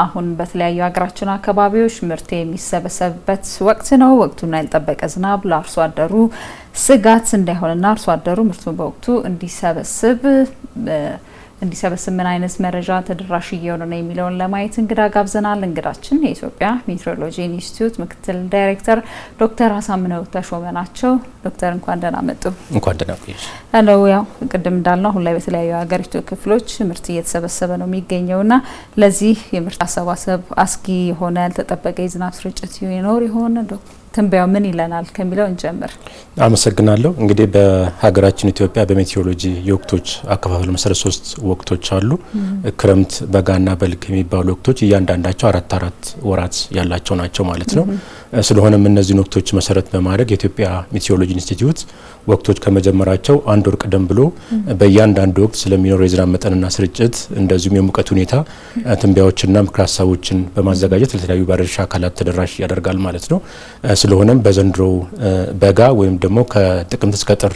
አሁን በተለያዩ ሀገራችን አካባቢዎች ምርት የሚሰበሰብበት ወቅት ነው። ወቅቱን ያልጠበቀ ዝናብ ለአርሶ አደሩ ስጋት እንዳይሆንና አርሶ አደሩ ምርቱን በወቅቱ እንዲሰበስብ እንዲሰበስብ ምን አይነት መረጃ ተደራሽ እየሆነ ነው የሚለውን ለማየት እንግዳ ጋብዘናል። እንግዳችን የኢትዮጵያ ሜትሮሎጂ ኢንስቲትዩት ምክትል ዳይሬክተር ዶክተር አሳምነው ተሾመ ናቸው። ዶክተር እንኳን ደህና መጡ። እንኳን ደህና ቆየሽ። ያው ቅድም እንዳልነው አሁን ላይ በተለያዩ የሀገሪቱ ክፍሎች ምርት እየተሰበሰበ ነው ና ለዚህ የምርት አሰባሰብ አስጊ የሆነ ያልተጠበቀ የዝናብ ስርጭት ይኖር ይሆን? ትንበያው ምን ይለናል ከሚለው እንጀምር። አመሰግናለሁ። እንግዲህ በሀገራችን ኢትዮጵያ በሜቴሮሎጂ የወቅቶች አከፋፈል መሰረት ሶስት ወቅቶች አሉ። ክረምት፣ በጋና በልግ የሚባሉ ወቅቶች እያንዳንዳቸው አራት አራት ወራት ያላቸው ናቸው ማለት ነው። ስለሆነም እነዚህን ወቅቶች መሰረት በማድረግ የኢትዮጵያ ሜቴሮሎጂ ኢንስቲትዩት ወቅቶች ከመጀመራቸው አንድ ወር ቀደም ብሎ በእያንዳንዱ ወቅት ስለሚኖረው የዝናብ መጠንና ስርጭት እንደዚሁም የሙቀት ሁኔታ ትንበያዎችና ምክረ ሀሳቦችን በማዘጋጀት ለተለያዩ ባለድርሻ አካላት ተደራሽ ያደርጋል ማለት ነው። ስለሆነም በዘንድሮ በጋ ወይም ደግሞ ከጥቅምት እስከ ጥር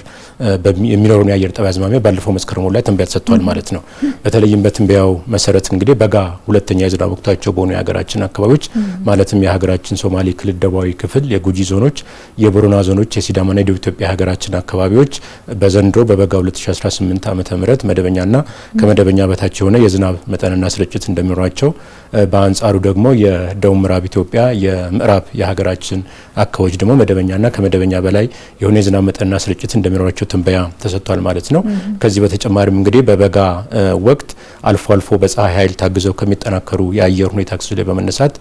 የሚኖረውን የአየር ጠባይ አዝማሚያ ባለፈው መስከረም ላይ ትንበያ ተሰጥቷል ማለት ነው። በተለይም በትንበያው መሰረት እንግዲህ በጋ ሁለተኛ የዝናብ ወቅታቸው በሆኑ የሀገራችን አካባቢዎች ማለትም የሀገራችን ሶማሌ ክልል ደቡባዊ ክፍል፣ የጉጂ ዞኖች፣ የቦረና ዞኖች፣ የሲዳማና የደቡብ ኢትዮጵያ የሀገራችን አካባቢዎች በዘንድሮ በበጋ 2018 ዓመተ ምህረት መደበኛና ከመደበኛ በታች የሆነ የዝናብ መጠንና ስርጭት እንደሚኖራቸው በአንጻሩ ደግሞ የደቡብ ምዕራብ ኢትዮጵያ የምዕራብ የሀገራችን አካባቢዎች ደግሞ መደበኛና ከመደበኛ በላይ የሆነ የዝናብ መጠንና ስርጭት እንደሚኖራቸው ትንበያ ተሰጥቷል ማለት ነው። ከዚህ በተጨማሪም እንግዲህ በበጋ ወቅት አልፎ አልፎ በፀሐይ ኃይል ታግዘው ከሚጠናከሩ የአየር ሁኔታ ክስ ላይ በመነሳት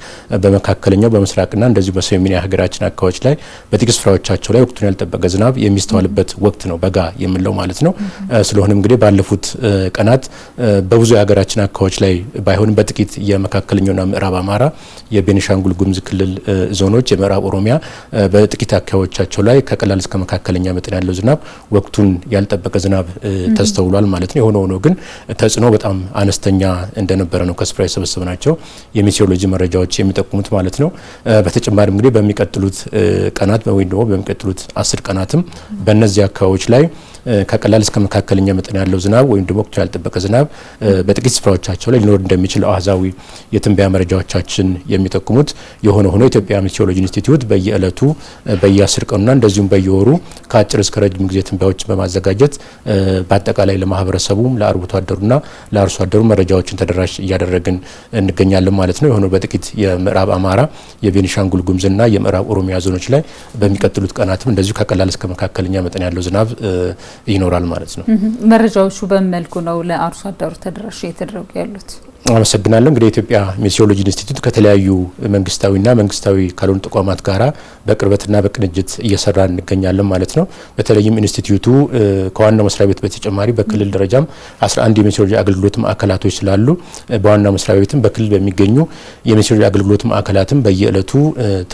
በመካከለኛው በምስራቅና እንደዚሁ በሰሜን የሀገራችን አካባቢዎች ላይ በጥቂት ስፍራዎቻቸው ላይ ወቅቱን ያልጠበቀ ዝናብ የሚስተዋልበት ወቅት ነው በጋ የምለው ማለት ነው። ስለሆነም እንግዲህ ባለፉት ቀናት በብዙ የሀገራችን አካባቢዎች ላይ ባይሆንም በጥቂት የመካከለኛውና ምዕራብ አማራ፣ የቤኒሻንጉል ጉሙዝ ክልል ዞኖች፣ የምዕራብ ኦሮሚያ በጥቂት አካባቢዎቻቸው ላይ ከቀላል እስከ መካከለኛ መጠን ያለው ዝናብ ወቅቱን ያልጠበቀ ዝናብ ተስተውሏል ማለት ነው። የሆነ ሆኖ ግን ተጽዕኖ በጣም አነስተኛ እንደነበረ ነው ከስፍራ የሰበሰብናቸው የሚቴዎሎጂ መረጃዎች የሚጠቁሙት ማለት ነው። በተጨማሪ እንግዲህ በሚቀጥሉት ቀናት ወይም ደግሞ በሚቀጥሉት አስር ቀናትም በእነዚህ አካባቢዎች ላይ ከቀላል እስከ መካከለኛ መጠን ያለው ዝናብ ወይም ደግሞ ወቅቱ ያልጠበቀ ዝናብ በጥቂት ስፍራዎቻቸው ላይ ሊኖር እንደሚችል አህዛዊ የትንበያ መረጃዎቻችን የሚጠቁሙት የሆነ ሆኖ ኢትዮጵያ ሚቴዎሎጂ ኢንስቲትዩት በየ በየእለቱ በየአስር ቀኑና እንደዚሁም በየወሩ ከአጭር እስከ ረጅም ጊዜ ትንበያዎችን በማዘጋጀት በአጠቃላይ ለማህበረሰቡም ለአርብቶ አደሩና ለአርሶ አደሩ መረጃዎችን ተደራሽ እያደረግን እንገኛለን ማለት ነው። የሆነ በጥቂት የምዕራብ አማራ የቤኒሻንጉል ጉምዝና የምዕራብ ኦሮሚያ ዞኖች ላይ በሚቀጥሉት ቀናትም እንደዚሁ ከቀላል እስከ መካከለኛ መጠን ያለው ዝናብ ይኖራል ማለት ነው። መረጃዎቹ በምን መልኩ ነው ለአርሶ አደሩ ተደራሽ እየተደረጉ ያሉት? አመሰግናለሁ። እንግዲህ የኢትዮጵያ ሜሲዮሎጂ ኢንስቲትዩት ከተለያዩ መንግስታዊና መንግስታዊ ካልሆኑ ተቋማት ጋራ በቅርበትና በቅንጅት እየሰራ እንገኛለን ማለት ነው። በተለይም ኢንስቲትዩቱ ከዋናው መስሪያ ቤት በተጨማሪ በክልል ደረጃም 11 የሜሲዮሎጂ አገልግሎት ማዕከላቶች ስላሉ በዋናው መስሪያ ቤትም በክልል በሚገኙ የሜሲዮሎጂ አገልግሎት ማዕከላትም በየዕለቱ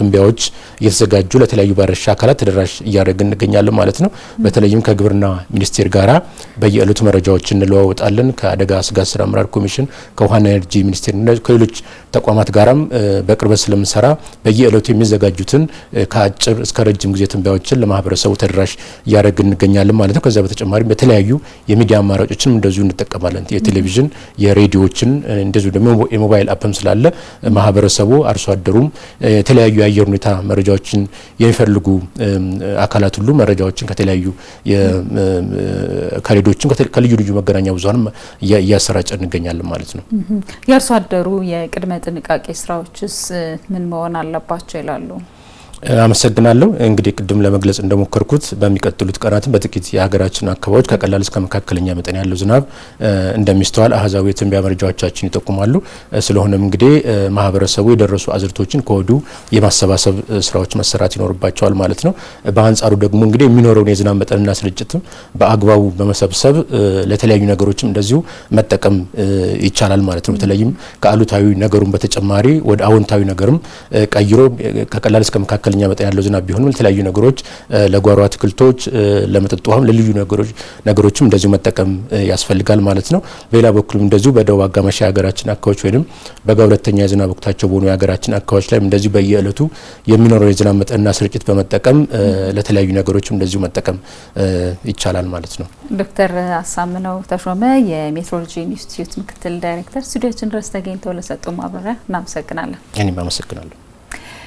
ትንቢያዎች እየተዘጋጁ ለተለያዩ ባለድርሻ አካላት ተደራሽ እያደረግን እንገኛለን ማለት ነው። በተለይም ከግብርና ሚኒስቴር ጋራ በየዕለቱ መረጃዎች እንለዋወጣለን። ከአደጋ ስጋት ስራ አመራር ኮሚሽን ከውሃ ኤነርጂ ሚኒስቴር ከሌሎች ተቋማት ጋራም በቅርበት ስለምንሰራ በየእለቱ የሚዘጋጁትን ከአጭር እስከ ረጅም ጊዜ ትንበያዎችን ለማህበረሰቡ ተደራሽ እያደረግን እንገኛለን ማለት ነው። ከዚያ በተጨማሪም በተለያዩ የሚዲያ አማራጮችንም እንደዚሁ እንጠቀማለን። የቴሌቪዥን የሬዲዮዎችን፣ እንደዚሁ ደግሞ የሞባይል አፕም ስላለ ማህበረሰቡ አርሶ አደሩም የተለያዩ የአየር ሁኔታ መረጃዎችን የሚፈልጉ አካላት ሁሉ መረጃዎችን ከተለያዩ ከሬዲዮችም ከልዩ ልዩ መገናኛ ብዙሀንም እያሰራጨ እንገኛለን ማለት ነው። የአርሶ አደሩ የቅድመ ጥንቃቄ ስራዎችስ ምን መሆን አለባቸው ይላሉ? አመሰግናለሁ። እንግዲህ ቅድም ለመግለጽ እንደሞከርኩት በሚቀጥሉት ቀናትም በጥቂት የሀገራችን አካባቢዎች ከቀላል እስከ መካከለኛ መጠን ያለው ዝናብ እንደሚስተዋል አህዛዊ የትንቢያ መረጃዎቻችን ይጠቁማሉ። ስለሆነም እንግዲህ ማህበረሰቡ የደረሱ አዝርቶችን ከወዱ የማሰባሰብ ስራዎች መሰራት ይኖርባቸዋል ማለት ነው። በአንጻሩ ደግሞ እንግዲህ የሚኖረውን የዝናብ መጠንና ስርጭትም በአግባቡ በመሰብሰብ ለተለያዩ ነገሮችም እንደዚሁ መጠቀም ይቻላል ማለት ነው። በተለይም ከአሉታዊ ነገሩን በተጨማሪ ወደ አዎንታዊ ነገርም ቀይሮ ከቀላል እስከ መካከል መካከለኛ መጠን ያለው ዝናብ ቢሆንም ለተለያዩ ነገሮች ለጓሮ አትክልቶች፣ ለመጠጥ ውሃም፣ ለልዩ ነገሮችም እንደዚሁ መጠቀም ያስፈልጋል ማለት ነው። በሌላ በኩልም እንደዚሁ በደቡብ አጋማሽ የሀገራችን አካባቢዎች ወይም በጋ ሁለተኛ የዝናብ ወቅታቸው በሆኑ የሀገራችን አካባቢዎች ላይ እንደዚሁ በየእለቱ የሚኖረው የዝናብ መጠንና ስርጭት በመጠቀም ለተለያዩ ነገሮችም እንደዚሁ መጠቀም ይቻላል ማለት ነው። ዶክተር አሳምነው ተሾመ የሜትሮሎጂ ኢንስቲትዩት ምክትል ዳይሬክተር ስቱዲዮችን ድረስ ተገኝተው ለሰጡ ማብራሪያ እናመሰግናለን። እኔም አመሰግናለሁ።